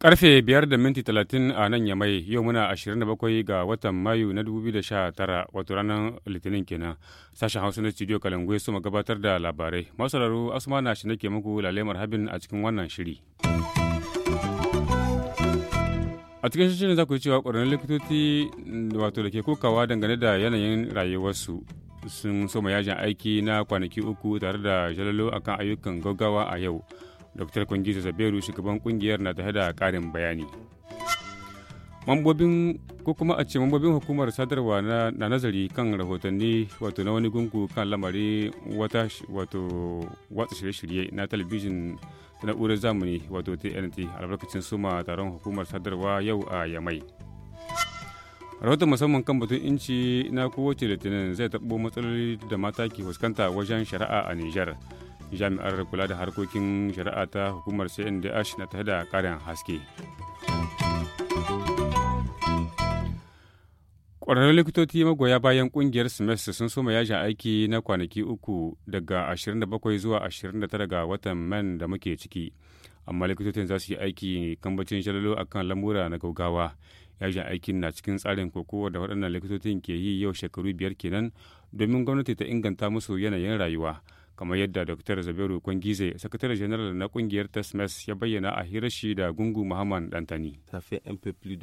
Karfe biyar da minti talatin a nan ya Yamai yau muna ashirin da bakwai ga watan Mayu na dubu biyu da sha tara wato ranar Litinin kenan. Sashen Hausa na Studio Kalangu su gabatar da labarai. Masu sauraro Asuma na shi nake muku lalemar habin a cikin wannan shiri. a cikin shirin za ku cewa ƙwararrun likitoci mm, wato da ke kokawa dangane da yanayin rayuwarsu sun soma yajin aiki na kwanaki uku tare da jalalo akan ayyukan gaggawa a yau dr kwangi zaberu shugaban kungiyar na tare da karin bayani mambobin ko kuma a ce mambobin hukumar sadarwa na, nazari kan rahotanni wato na wani gungu kan lamari wata wato watsa shirye-shirye na talabijin ta na'urar zamani wato tnt albarkacin suma taron hukumar sadarwa yau a yamai rahoton musamman kan batun inci na kowace litinin zai taɓo matsaloli da mata ke fuskanta wajen shari'a a nijar jami'ar kula da harkokin shari'a ta hukumar cndh na tare da karin haske kwararrun likitoci magoya bayan kungiyar Smith sun soma yajin aiki na kwanaki uku daga 27 zuwa 29 ga watan man da muke ciki. Amma likitocin za su yi aiki kambacin shalalo a kan lamura na gaugawa. Yajin aikin na cikin tsarin kokowa da waɗannan likitocin ke yi yau shekaru biyar kenan domin gwamnati ta inganta musu yanayin rayuwa. kamar yadda Dr. Zabiru Kwangize, sakataren General na kungiyar Tasmas ya bayyana a hirar shi da Gungu Muhammad Dantani.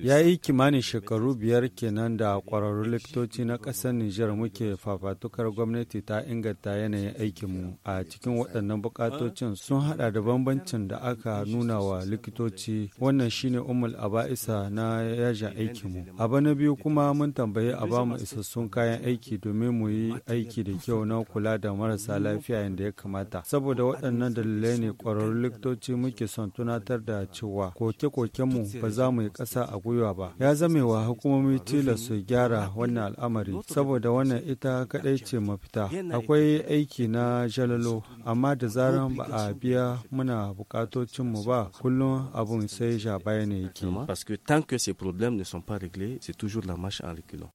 Ya yi kimanin shekaru biyar kenan da kwararru likitoci na ƙasar Nijar muke fafatukar gwamnati ta inganta yanayin aikinmu a cikin waɗannan buƙatocin sun haɗa da bambancin da aka nuna wa likitoci wannan shine umul aba'isa na yajin aikinmu. Abu na biyu kuma mun tambayi a bamu isassun kayan aiki domin mu yi aiki da kyau na kula da marasa lafiya da ya kamata. Saboda waɗannan dalilai ne ƙwararrun likitoci muke son tunatar da cewa koke-kokenmu ba za mu yi ƙasa a gwiwa ba. Ya wa hukumomi tila su gyara wannan al'amari saboda wannan ita kaɗai ce mafita. Akwai aiki na jalalo amma da zaran ba a biya muna bukatocinmu ba kullum abun sai ja baya ne yake. Parce que tant que ces problèmes ne sont pas réglés, c'est toujours la marche en reculant.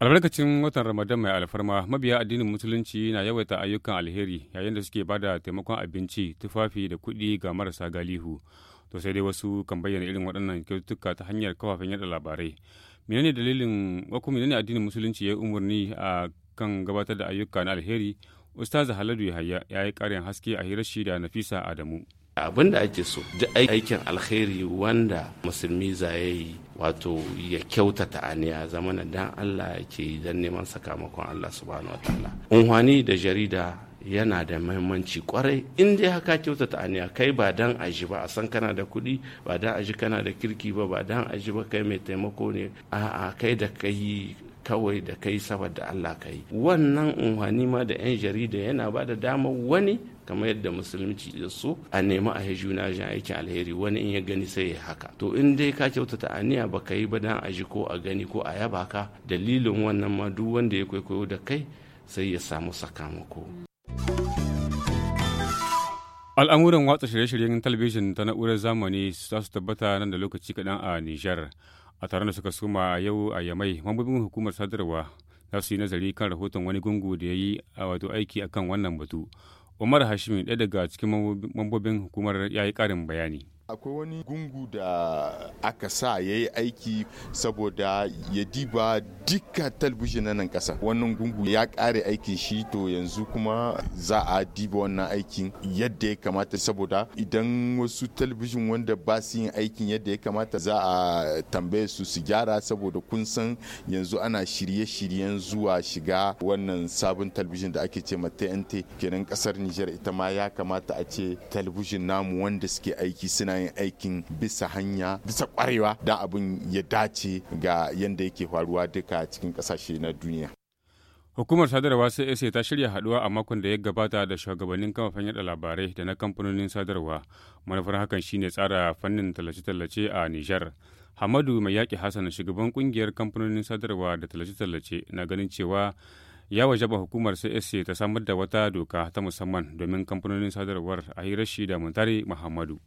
albarkacin watan ramadan mai alfarma mabiya addinin musulunci na yawaita ayyukan alheri yayin da suke bada taimakon abinci tufafi da kuɗi ga marasa galihu to sai dai wasu kan bayyana irin waɗannan kyaututtuka ta hanyar kafafen yada labarai menene dalilin ko menene addinin musulunci ya umarni a kan gabatar da ayyuka na alheri ustaz haladu yahaya ya yi ƙarin haske a hirar shi da nafisa adamu abin da ake so duk aikin alheri wanda musulmi za yi wato ya kyautata a aniya zamana dan Allah yake dan neman sakamakon Allah subhanahu ta'ala. unhwani da jarida yana da mahimmanci kwarai in dai haka kyautata aniya kai ba dan aji ba a san kana da kuɗi ba dan aji kana da kirki ba ba dan aji ba kai mai taimako ne a'a kai da kai kawai da kai saboda Allah kai wannan unhwani ma da 'yan jarida yana ba da dama wani kamar yadda musulunci da su a nemi a juna jan aiki alheri wani in ya gani sai ya haka to in dai ka kyautata aniya ba ka yi ba dan a ji ko a gani ko a yaba ka dalilin wannan ma duk wanda ya kwaikwayo da kai sai ya samu sakamako al'amuran watsa shirye-shiryen talabijin ta na'urar zamani za su tabbata nan da lokaci kaɗan a nijar a taron da suka suma a yau a yamai mambobin hukumar sadarwa za su yi nazari kan rahoton wani gungu da ya yi a wato aiki akan wannan batu Umar Hashimi ɗaya daga cikin mambobin hukumar ya yi ƙarin bayani. akwai wani gungu da aka sa ya yi aiki saboda ya diba duka talbishin na nan kasa wannan gungu ya kare aikin shi to yanzu kuma za a diba wannan aikin yadda ya kamata saboda idan wasu talbishin wanda ba su yin aikin yadda ya kamata za a tambaye su su gyara saboda kun san yanzu ana shirye-shiryen zuwa shiga wannan sabon talbishin da ake ce tnt kenan kasar nijar ita ma ya kamata a ce talbishin namu wanda suke aiki suna ana yin aikin bisa hanya bisa kwarewa da abin ya dace ga yadda yake faruwa duka cikin kasashe na duniya Hukumar sadarwa CSA ta shirya haduwa a makon da ya gabata da shugabannin kamfanin yada labarai da na kamfanonin sadarwa. Manufar hakan shine tsara fannin tallace-tallace a Nijar. Hamadu mai yaƙi Hassan shugaban kungiyar kamfanonin sadarwa da tallace-tallace na ganin cewa ya wajaba hukumar CSC ta samar da wata doka ta musamman domin kamfanonin sadarwar a hirashi shi da Muntari Muhammadu.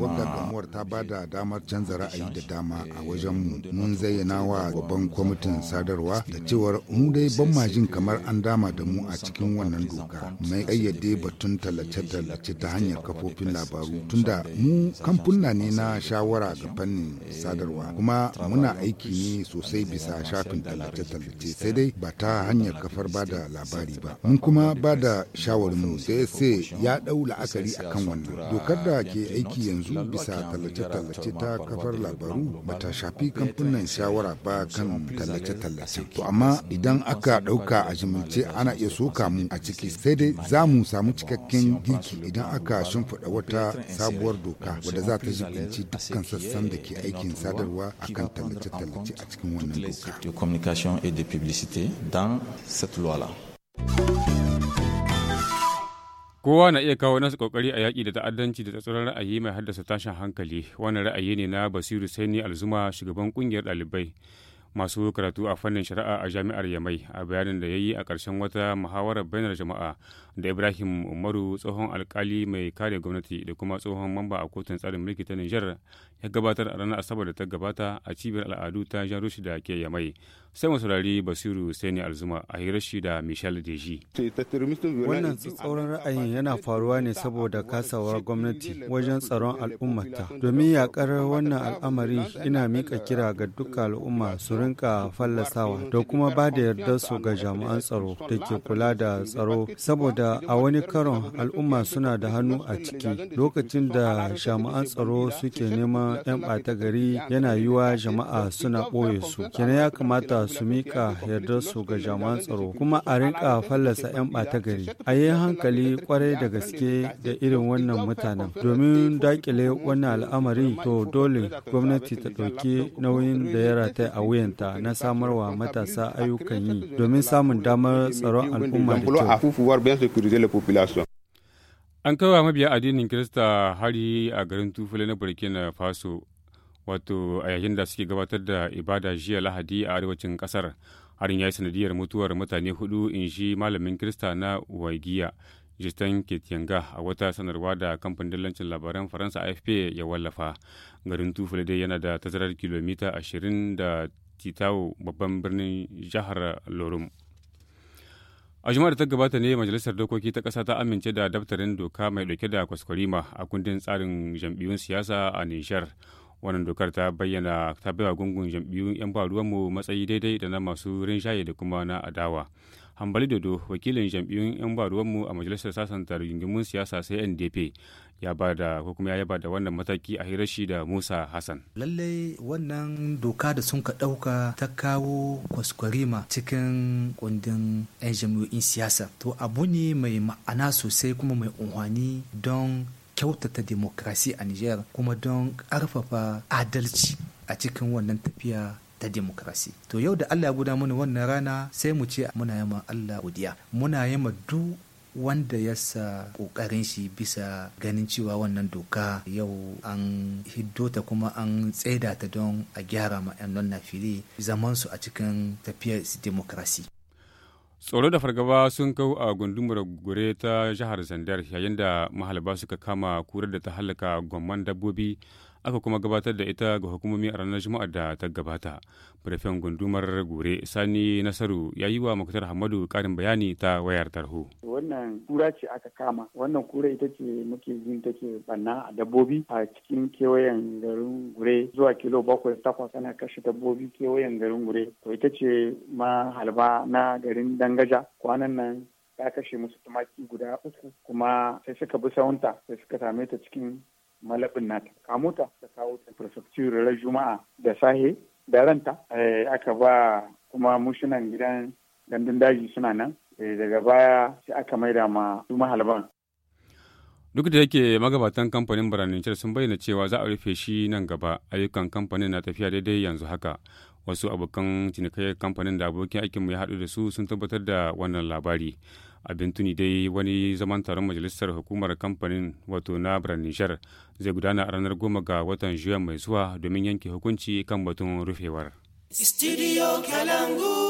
Wannan damuwar ta ba da damar canza ra'ayi da dama a wajenmu. Mun zayyana wa babban kwamitin sadarwa da cewar mu dai ban majin kamar an dama da mu a cikin wannan doka mai ƙayyade batun tallace-tallace ta hanyar kafofin labaru tunda mu kamfuna ne na shawara ga fannin sadarwa kuma muna aiki ne sosai bisa shafin tallace-tallace. ce sai dai ba ta hanyar kafar ba da labari ba mun kuma ba da shawarmu sai ya dau la'akari a akan wannan dokar da ke aiki yanzu bisa tallace-tallace ta kafar labaru ba ta shafi kamfanin shawara ba kan tallace-tallace to amma idan aka ɗauka a zumunce ana iya soka mu a ciki sai dai za mu samu cikakken girki idan aka shimfiɗa wata sabuwar doka wadda za ta jibinci dukkan sassan da ke aikin sadarwa akan tallace-tallace a cikin wannan doka publicité dans cette loi-là. Kowa na iya kawo nasu kokari a yaƙi da ta'addanci da tsatsauran ra'ayi mai haddasa tashin hankali. Wannan ra'ayi ne na Basiru Saini Alzuma shugaban kungiyar ɗalibai masu karatu a fannin shari'a a jami'ar Yamai a bayanin da ya yi a ƙarshen wata muhawarar bainar jama'a da Ibrahim Umaru tsohon alkali mai kare gwamnati da kuma tsohon mamba a kotun tsarin mulki ta Nijar ya gabatar a ranar Asabar da ta gabata a cibiyar al'adu ta Jarushi da ke Yamai. sai masaurari basiru basiru ne alzuma a hirar shi da michel deji wannan tsatsauran ra'ayin yana faruwa ne saboda kasawar gwamnati wajen tsaron al'ummata domin yakar wannan al'amari ina mika kira ga duka al'umma su rinka fallasawa da kuma ba da yarda su ga jami'an tsaro da ke kula da tsaro saboda a wani karon al'umma suna da hannu a ciki lokacin da jami'an tsaro suke neman 'yan bata gari yana yiwa jama'a suna ɓoye su kenan ya kamata kamata su yarda su ga jami'an tsaro kuma a rinka fallasa 'yan ɓata gari a yi hankali kwarai da gaske da irin wannan mutanen domin dakile wannan al'amari to dole gwamnati ta ɗauki nauyin da ya rata a wuyanta na samarwa matasa ayyukan yi domin samun damar tsaron al'umma da kyau An kawo mabiya addinin Kirista hari a garin Tufule na Burkina Faso wato a yayin da suke gabatar da ibada jiya lahadi a arewacin kasar harin ya yi sanadiyar mutuwar mutane hudu in shi malamin kirista na waigiya justin ketianga a wata sanarwa da kamfanin dillancin labaran faransa afp ya wallafa garin tufule dai yana da tazarar kilomita ashirin da titawo babban birnin jihar lorum a juma'ar ta gabata ne majalisar dokoki ta ƙasa ta amince da daftarin doka mai dauke da kwaskwarima a kundin tsarin jam'iyyun siyasa a nijar. wannan dokar ta bayyana ta baiwa gungun jam'iyyun 'yan ba ruwanmu matsayi daidai da na masu shaye da kuma na adawa hambali dodo wakilin jam'iyyun 'yan ba ruwanmu a majalisar sasanta rigingimun siyasa sai ndp ya ba da ko kuma ya ba da wannan mataki a shi da Musa Hassan. Lallai wannan doka da sun ka ɗauka ta kawo kwaskwarima cikin kundin 'yan jami'o'in siyasa. To abu ne mai ma'ana sosai kuma mai unhwani don kyautata demokrasi a Nijar kuma don ƙarfafa adalci a cikin wannan tafiya ta demokrasi. To yau da Allah ya guda mana wannan rana sai mu ce muna yama Allah godiya. Muna yama du wanda ya sa ƙoƙarin shi bisa ganin cewa wannan doka yau an hiddo ta kuma an tsaida ta don a gyara ma nan na fili zamansu a cikin tafiyar demokrasi. tsoro da fargaba sun kau a gundumar gure ta jihar zandar yayin da mahalba suka kama kurar da ta halaka gwamman dabbobi aka kuma gabatar da ita ga hukumomi a ranar juma'ar da ta gabata firfen gundumar gure sani nasaru ya yi wa muktar hamadu karin bayani ta wayar tarho wannan kura ce aka kama wannan kura ita ce muke jin take banna a dabbobi a cikin kewayen garin gure zuwa kilo bakwai takwas ana kashe dabbobi kewayen garin gure to ita ce ma halba na garin dangaja kwanan nan ya kashe musu tumaki guda uku kuma sai suka bi sawunta sai suka same ta cikin malabin nata kamo ta ta kawo ta prefecture ran juma'a da sahe da ranta eh, aka ba kuma mushinan gidan gandun daji suna nan eh, daga baya sai aka maida ma su halban duk da yake magabatan kamfanin biranincar sun bayyana cewa za a rufe shi nan gaba ayyukan kamfanin na tafiya daidai yanzu haka wasu abokan cinikayyar kamfanin da abokin aikinmu ya haɗu da su sun tabbatar da wannan labari abin tuni dai wani zaman taron majalisar hukumar kamfanin wato na niger zai gudana a ranar goma ga watan juyan mai zuwa domin yanke hukunci kan batun rufewar. Studio Kalangu.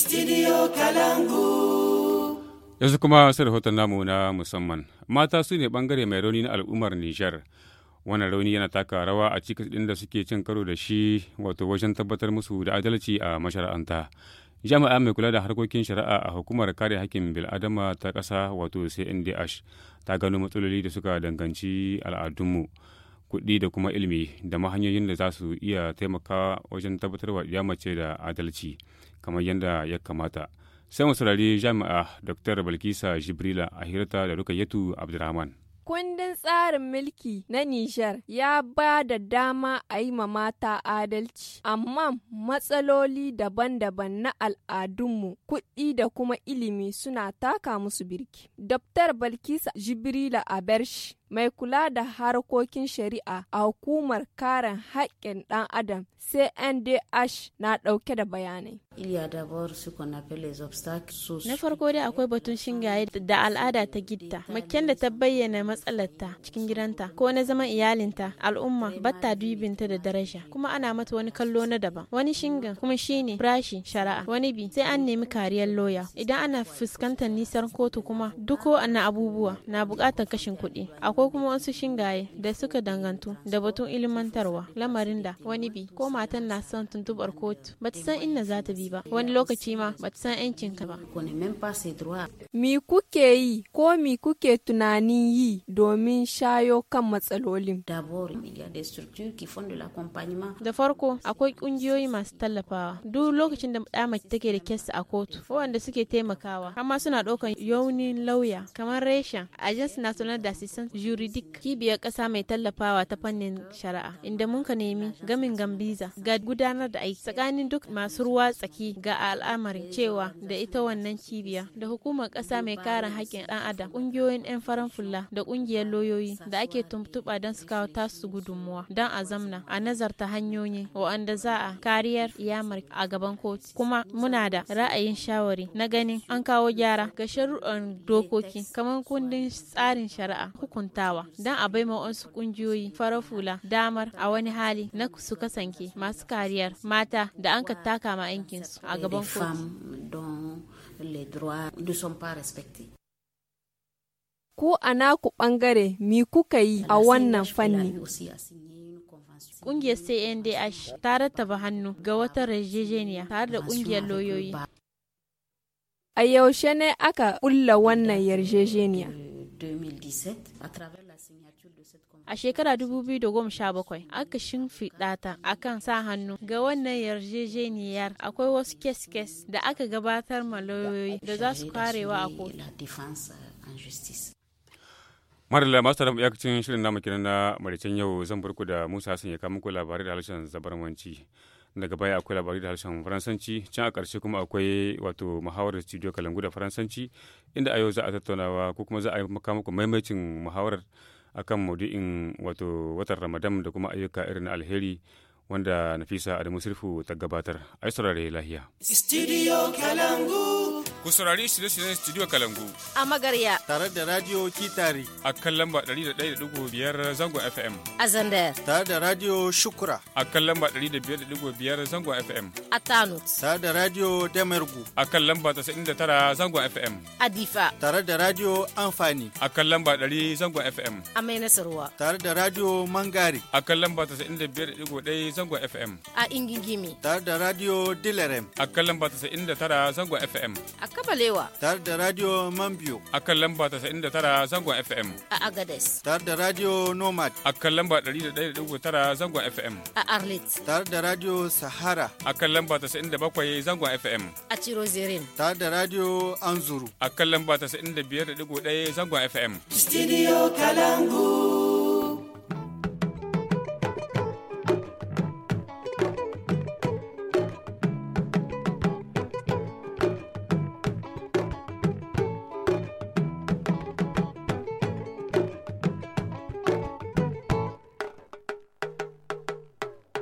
Studio Kalangu. Yanzu kuma sai rahoton namu na musamman. Mata su ne bangare mai rauni na al'ummar Nijar. Wannan rauni yana taka rawa a cikin ɗin da suke cin karo da shi wato wajen tabbatar musu da adalci a mashara'anta. Jami'a mai kula da harkokin shari'a a hukumar kare hakkin bil'adama ta ƙasa wato CNDH ta gano matsaloli da suka danganci al'adunmu. kuɗi da kuma ilimi da ma hanyoyin da za su iya taimakawa wajen tabbatarwa ya mace da adalci kamar yadda ya kamata sai mu saurari jami'a dr balkisa jibrila a hirata da rukayyatu abdurrahman kundin tsarin mulki na Nijar ya ba da dama a yi ma mata adalci, amma matsaloli daban-daban na al'adunmu, kuɗi da kuma ilimi suna taka musu birki. Dr. Balkisa Jibrila Abershi mai kula da harkokin shari'a a hukumar karen haƙƙin ɗan adam cndh na ɗauke da bayanai na farko dai akwai batun shingaye da al'ada ta gidda makken da ta bayyana matsalarta cikin gidanta ko na zaman iyalinta al'umma batta dubinta da daraja kuma ana mata wani kallo na daban wani shinga kuma shine brashi shari'a wani bi sai an nemi kariyar loya idan ana fuskantar nisan kotu kuma duk na abubuwa na bukatar kashin kuɗi ko kuma wasu shingaye da suka dangantu da batun ilimantarwa lamarin da wani bi ko matan na son tuntubar kotu ba ta san inda za ta bi ba wani lokaci ma ba ta san yancin ka ba. Mi kuke yi ko mi kuke tunani yi domin shayo kan matsalolin? Da farko akwai kungiyoyi masu tallafawa duk lokacin da ɗa mace take da kyasa a kotu waɗanda suke taimakawa amma suna ɗaukar yaunin lauya kamar reshen da national d'assistance juridik kibiyar ƙasa mai tallafawa ta fannin shari'a inda mun ka nemi gamin gambiza ga gudanar da aiki tsakanin duk masu ruwa tsaki ga al'amarin cewa da ita wannan kibiya da hukumar ƙasa mai kare haƙƙin ɗan adam ƙungiyoyin 'yan farar fulla da ƙungiyar loyoyi da ake tuntuɓa don su kawo tasu gudunmuwa don a zamna a nazarta hanyoyi wa'anda za a kariyar iyamar a gaban kotu kuma muna da ra'ayin shawari na ganin an kawo gyara ga sharuɗan dokoki kamar kundin tsarin shari'a hukunta kyautatawa don a bai wasu kungiyoyi farar hula damar a wani hali na su kasance masu kariyar mata da an ka taka ma yankinsu a gaban kotu. Ku a naku ɓangare mi kuka yi a wannan fanni? Ƙungiyar CNDH ta rattaba hannu ga wata rajejeniya tare da ƙungiyar lauyoyi. A yaushe ne aka ƙulla wannan yarjejeniya? A shekara 2017 aka shimfiɗa ta kan sa hannu ga wannan yarjejeniyar akwai wasu kes-kes da aka gabatar ma lauyoyi da za su karewa a kotu. Madalla masu tarafa iyakacin shirin Namakin na maricin yau zan burku da Musa sun ya kamuku labarai da harshen zabarmanci. daga baya akwai labari da harshen faransanci can a ƙarshe kuma akwai wato muhawarar studio kalangu da faransanci inda a yau za a tattaunawa ko kuma za a maka muku maimacin muhawarar akan maudu'in wato watan ramadan da kuma ayyuka irin alheri wanda nafisa adamu sirfu ta gabatar ai saurare lahiya studio kalangu Ku saurari shirye-shiryen Studio Kalangu. A Magarya. Tare da Radio Kitari. A kan lamba 101.5 Zangon FM. A zandar. Tare da Radio Shukura. A kan lamba 105.5 Zangon FM. A Tanut. Tare da Radio Damergu. A kan lamba 99 Zangon FM. A Difa. Tare da Radio Amfani. A kan lamba 100 Zangon FM. A Mai Nasarwa. Tare da Radio Mangari. A kan lamba 95.1 Zangon FM. A Ingigimi. Tare da Radio Dilerem. A kan lamba 99 Zangon FM. A Kabalewa. Tare da Radio Mambio. A kan lamba 99 zangon FM. A Agades. Tare da Radio Nomad. A kan lamba 101.9 zangon FM. A Arlit. Tare da Radio Sahara. A kan lamba 97 zangon FM. A Chirozirin. Tare da Radio Anzuru. A kan lamba 95.1 zangon FM. Studio Kalangu.